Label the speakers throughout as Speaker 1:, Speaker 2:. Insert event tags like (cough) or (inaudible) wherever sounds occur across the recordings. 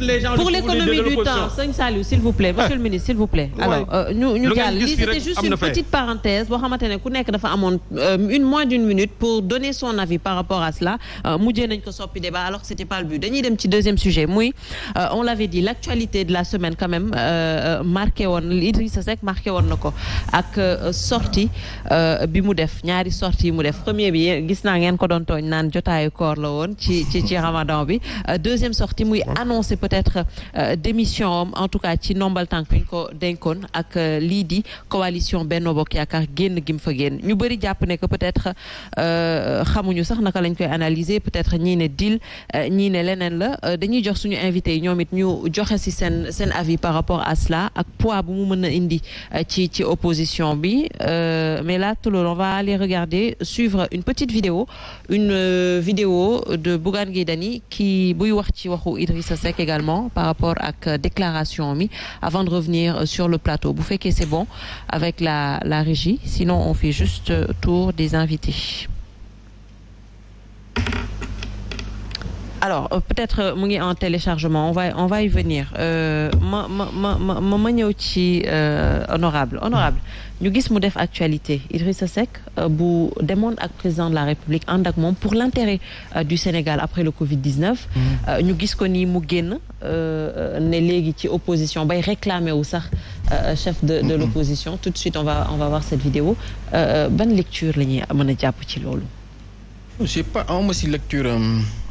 Speaker 1: toutes les gens. pour l'économie du temps sëñ Saliou s'il vous plaît monsieur le ministre s'il vous plaît. alors euh, ñu ñu jàll lii c'était juste une petite parenthèse boo xamante ku nekk dafa amoon euh, une moins d'une minute pour donner son avis par rapport à cela euh, mujjee nañ ko soppi débat alors que c'était pas le dañuy dem ci deuxième sujet muy on l'avait dit l'actualité de la semaine quand même marqué woon Idrissa Seck marqué woon na ko ak sortie bi mu def ñaari sortie yi mu def premier bi gis naa ngeen ko doon tooñ naan jotaayu koor woon ci bi peut-être euh, démission en tout cas ci nombal tànk bi ko dénkoon ak euh, lii di coalition Benno Bokk Yaakaar génn gim fa génn ñu bëri jàpp ne que peut-être euh, xamuñu sax naka lañ koy analyser peut-être ñii ne deal ñii ne leneen la dañuy jox suñu invité yi ñoom it ñu joxe si seen seen avis par rapport à cela ak pois bu mu mën a indi ci ci opposition bi mais là tout le long on va aller regarder suivre une petite vidéo une vidéo de Bougane Gueye Dany qui buy wax ci waxu Idrissa Seck également également par rapport ak déclaration mi avant de revenir euh, sur le plateau bu fekkee c'est bon avec la la régie sinon on fait juste euh, tour des invités alors euh, peut-être euh, mu ngi en téléchargement on va on va y venir euh, ma ma ma ma ma ñëw ci honorable honorable ñu gis mu def actualité Seck bu demoon ak président la République ànd ak moom pour l'intérêt du Sénégal après le Covid-19 mm. ñu gis ko nii mu génn ne léegi ci opposition bay réclamer wu sax chef de de mm-hmm. l'opposition tout de suite on va on ban lecture la ñuy mën a jàpp ci loolu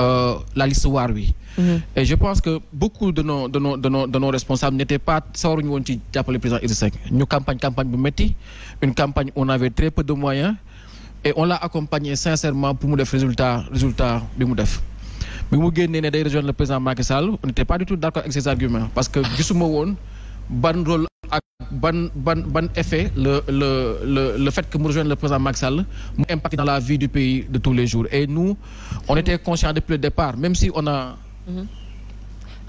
Speaker 2: euh, la liste waar wi. Mhm. je pense que beaucoup de nos de nos de nos de nos responsables n'étaient pas sawaruñu woon ci jàppale président Idrissa Seck ñu campagne campagne bu métti une campagne on avait très peu de moyens et on l'a accompagné sincèrement pour mu def résultat résultat bi mu def. bi mu génnee ne day rejoindre le président Macky Sall on n'était pas du tout d'accord avec arguments parce que gisuma woon ban rôle. ban ban ban effet le le le le fait que mu rejoigne le président Macky Sall mu impacte dans la vie du pays de tous les jours et nous on était conscients depuis le départ même si on a.
Speaker 1: Mm-hmm.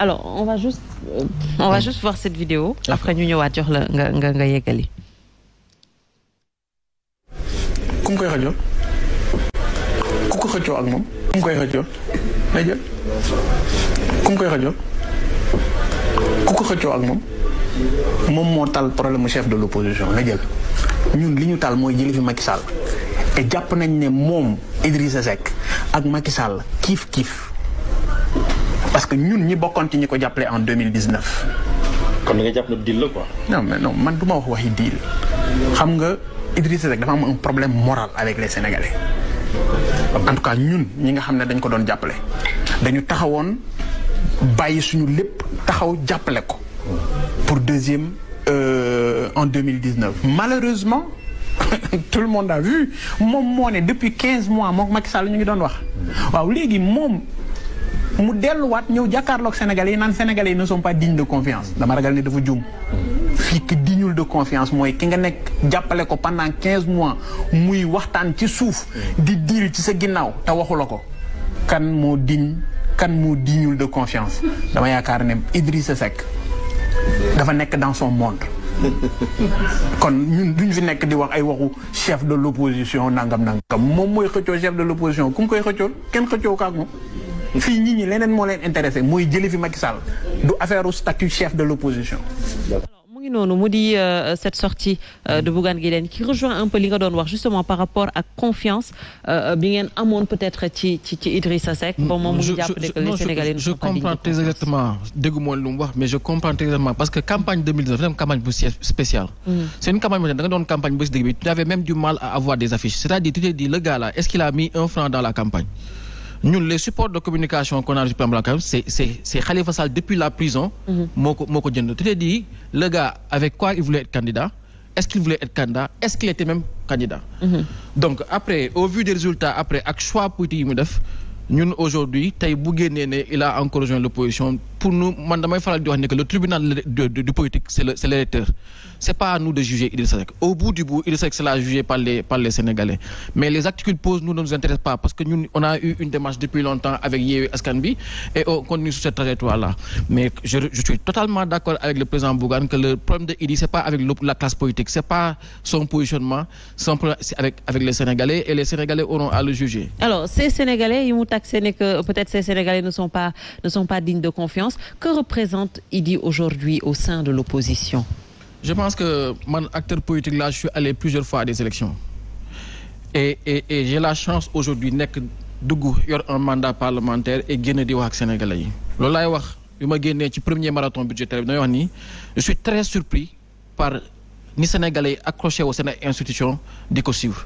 Speaker 1: alors on va juste. Euh, on va juste voir cette vidéo. après ñu ñëwaat jox la nga nga nga koy
Speaker 3: xëccoo ku ko ak moom ku koy xëccoo day jël moom moo tal problème mu chef de l'opposition na jël ñun li ñu taal mooy jëli fi Macky Sall te jàpp nañ ne moom Idrissa Seck ak Macky Sall kiif kiif parce que ñun ñi bokkoon ci ñi ko jàppale en 2019. kon da nga jàpp ne deal la quoi. non mais non man du ma wax waxi deal xam nga Idrissa Seck dafa am problème moral avec les Sénégalais en tout cas ñun ñi nga xam ne dañ ko doon jàppale dañu taxawoon bàyyi suñu lépp taxaw jàppale ko. pour deuxième euh, en 2019 malheureusement (laughs) tout le monde a vu moom moo ne depuis 15 mois moom Macky Sall ñu ngi doon wax waaw léegi moom mu delluwaat ñëw jàkkaarloog sénégal yi naan sénégal yi ne sont pas dignes de confiance dama ragal ne dafa juum fii ki dignul de confiance mooy ki nga nekk jàppale ko pendant 15 mois muy waxtaan ci suuf di diir ci sa ginnaaw te waxu la ko kan moo digne kan moo dignul de confiance dama yaakaar ne Idrissa Seck dafa nekk dans son monde (laughs) kon ñun ñu fi nekk di wax ay waxu chef de l'opposition nangam nangam moom mooy xëccoo chef de l'opposition ku mu koy xëccoo kenn xëccoo kaak moom fii nit ñi leneen moo leen intéressé mooy jëli fi Macky Sall du affaire statut chef de l'opposition
Speaker 1: ngi noonu mu di euh, cette sortie euh, de Bougane Gueye qui rejoint un peu li nga doon wax justement par rapport ak confiance euh, bi ngeen amoon peut-être ci ci ci Idrissa mm, bon moom mu ngi de confiance. je comprends
Speaker 2: très exactement déggu lu mu wax mais je comprends très exactement parce que campagne 2019 dafa campagne bu spéciale. Mm. campagne boo xam ne campagne dans la campagne. ñun les supports de communication qu'on a reçu par Mblanka c'est c'est c'est Khalifa depuis la prison mm-hmm. moo ko moo ko jënd tu te dis avec quoi il voulait être candidat est-ce qu'il voulait être était même candidat mm-hmm. donc après au vu des résultats après ak choix politique yi mu def ñun aujourd'hui tey bu génnee ne il a encore rejoint l'opposition pour nous man damay le tribunal du politique c'est l'électeur c'est pas à nous de juger Idrissa Seck au bout du par les Sénégalais mais les actes qu'il nous nous intéressent pas parce que ñun a eu une démarche depuis longtemps avec Yewwi Askan et on continue sur cette trajectoire là mais je suis totalement d'accord avec le président Bougane que le problème de Idy c'est pas avec la classe politique c'est pas son positionnement son problème
Speaker 1: alliance que représente Idi aujourd'hui au sein de l'opposition
Speaker 2: je pense que man acteur politique là je suis allé plusieurs fois à des élections et et et j'ai la chance aujourd'hui nekk dugg yor un mandat parlementaire et génn di wax ak sénégalais yi loolu laay wax bi ma génnee ci premier marathon budgétaire bi dañuy wax ni je suis très surpris par ni sénégalais yi accroché au seen institution di ko suivre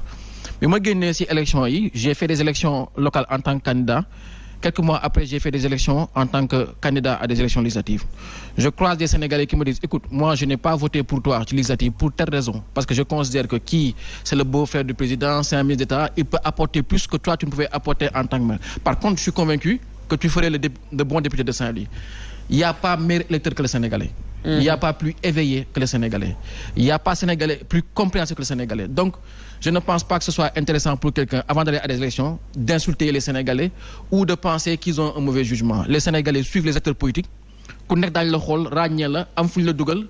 Speaker 2: bi ma génnee ci élection yi j'ai fait des élections locales en tant que candidat quelques mois après j'ai fait des élections en tant que candidat à des élections législatives je croise des Sénégalais qui me disent écoute moi je n'ai pas voté pour toi ci législative pour telle raison parce que je considère que kii c'est le beau-frère du président c'est ministre d'État il peut apporter plus que toi tu ne pouvais apporter en tant que maire par contre je suis convaincu que tu ferais le, bon député de Saint-Louis il n'y a pas meilleur électeur il n'y a pas plus éveillé que les Sénégalais. Il n'y a pas Sénégalais plus compréhensif que les Sénégalais. Donc, je ne pense pas que ce soit intéressant pour quelqu'un, avant d'aller à des élections, d'insulter les Sénégalais ou de penser qu'ils ont un mauvais jugement. Les Sénégalais suivent les acteurs politiques. ku nekk daañu la xool ràññee la la dugal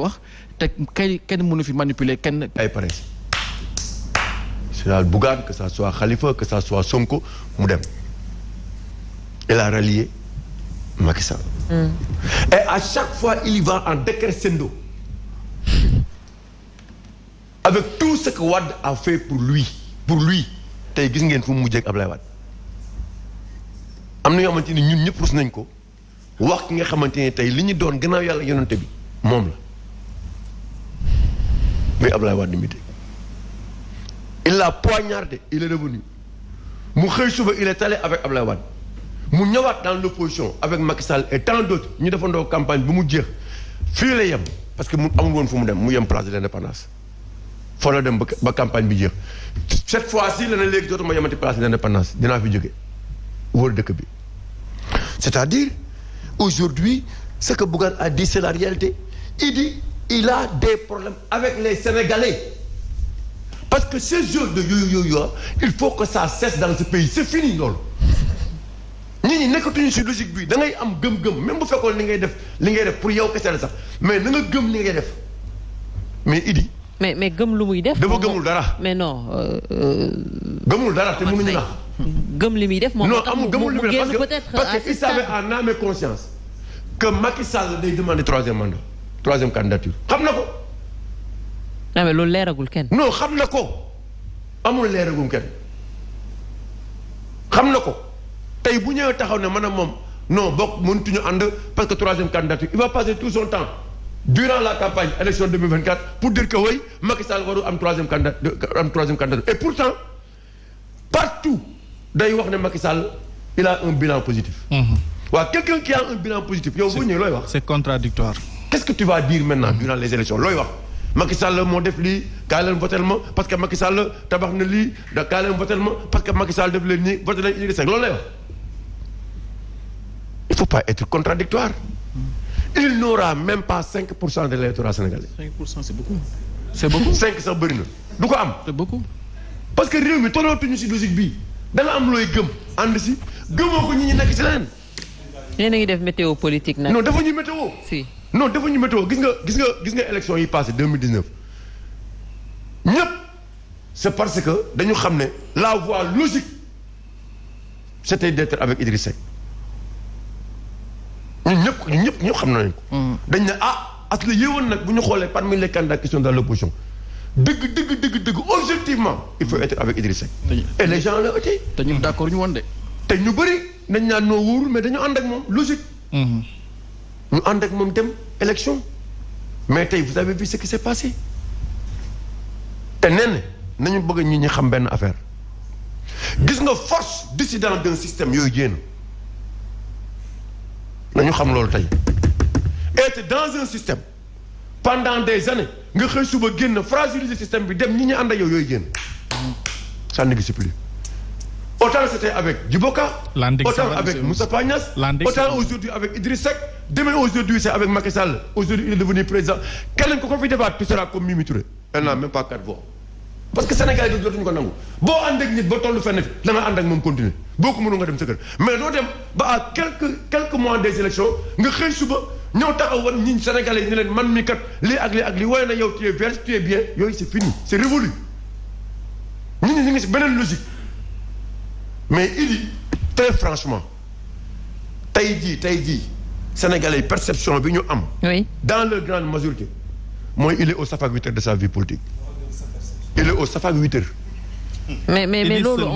Speaker 2: wax te kay kenn mënu fi manipuler kenn. ay paresse
Speaker 4: c'est la Bougane que ça soit Khalifa que ça soit Sonko mu dem il a rallié Macky hmm. et à chaque fois il y va en décrescendo. avec tout ce que Wade a fait pour lui pour lui tey gis ngeen fu mu mujjee ak Ablaye Wade am na yoo xamante ni ñun ñëpp rus nañ ko wax ki nga xamante ne tey li ñu doon gannaaw yàlla yonante bi moom la. muy Abdoulaye Wade l'a poignardé il mu xëy suba il est allé avec Abdoulaye Wade mu ñëwaat dans l'opposition avec Macky Sall et tant d'autres ñu defandoo campagne bi mu jeex fii la yem parce que mu amul woon fu mu dem mu yem place de l'indépendance foo la dem ba campagne bi jeex cette fois-ci la ne léegi dootuma yemati place de l'indépendance dinaa fi jóge wër dëkk bi c'est-à-dire aujourd'hui ce que Bougane a dit c'est la réalité il il a des problèmes avec les Sénégalais. Parce que ce jeu de yo-yo-yo, il faut que ça cesse dans ce pays. C'est fini, loolu. nit ñi nekkatuñu si logique bi da ngay am gëm-gëm même bu fekkoon li ngay def li ngay def pour yow kese la sax mais na nga gëm li ngay def mais Idi.
Speaker 1: mais mais gëm lu muy def.
Speaker 4: dafa gëmul dara.
Speaker 1: mais non. Euh,
Speaker 4: gëmul dara te mënuñu naax. gëm li
Speaker 1: muy def moom non amul gëmul li muy def parce que parce que il savait
Speaker 4: en âme et conscience que Macky Sall day demander troisième mandat. troisième candidature xam na ko. non ah, loolu leeragul kenn. noo xam na ko amul leeragum kenn xam na ko tey bu ñëwee taxaw ne man a moom non bokk mëntuñu ànd parce que troisième candidature il va passer tout son temps durant la campagne élection 2024 pour dire que oui Macky Sall waru am troisième candidat am candidature et pourtant partout day wax ne Macky Sall il a un bilan positif. Mm-hmm. waaw mm -hmm. ouais, quelqu'un qui a un bilan positif yow bu ñëwee looy
Speaker 2: wax.
Speaker 4: qu'est-ce que tu vas dire maintenant durant les élections looy wax Macky Sall moo def lii kaay leen votel ma parce que Macky Sall tabax na lii da kaay votel ma parce que Macky Sall def leen ni voté leen Idrissa Seck loolu il faut pas être contradictoire il n'aura même pas 5 pour cent de l'électorat sénégalais. 5 pour cent c'est beaucoup. c'est beaucoup (laughs) sax bëri na du ko am. c'est beaucoup. parce que réew mi tollootuñu si logique bii da am looy gëm ànd si gëmoo ko ñi ñu nekk si leneen.
Speaker 1: yéen a ngi def météo politique na non dafa ñu
Speaker 2: météo. si.
Speaker 4: non defuñu météo gis nga gis nga gis nga élection yi passé 2019 ñëpp c' est parce que dañu xam ne la voie logique c' était d' être avec Idriss Seck ñun ñëpp ñu ñëpp ñoo xam nañu ko. Mm. dañ ne ah as la yéewoon nag bu ñu xoolee parmi les candidats qui sont dans l' opposition dëgg dëgg dëgg dëgg objectivement il faut être avec Idriss Seck. et la été. te ñu d' accord ñu woon de. te ñu bari dañ naan noo wóorul mais dañu ànd ak moom logique. Mm-hmm. ñu ànd ak moom dem élection mais tey vous avez vu ce qui s'est passé te nen nañu bëgg ñi ñu xam benn affaire gis nga force dissidente d'un système yooyu génn nañu xam loolu tey être dans un système pendant des années nga xëy suba génn fragiliser système bi dem ñi ñu ànd ak yow yooyu génn ça n'existe Autant c'était avec Djiboka, autant avec Moussa Pagnas, autant aujourd'hui avec Idriss Seck, demain aujourd'hui c'est avec Macky Sall, aujourd'hui il est devenu président. Keneen ku ko fi defaat tu seras comme Mimi Touré. Elle n'a même pas quatre voix. parce que Sénégal yi dootuñu ko nangu boo ànd ak nit ba tollu fenn fi dana ànd ak moom continuer boo ko mënul nga dem sa mais doo ba à quelques mois des élections nga xëy suba ñëw taxaw woon ñi Sénégalais yi leen man mi kat lii ak lii ak na yow tu es vert tu yooyu c'est fini c'est si beneen logique. mais il dit très franchement tey jii tey jii sénégalais yi perception bi ñu am. dans le grande majorité mooy il est au safak huit de sa vie politique.
Speaker 2: il est au safak huit
Speaker 1: mais mais loolu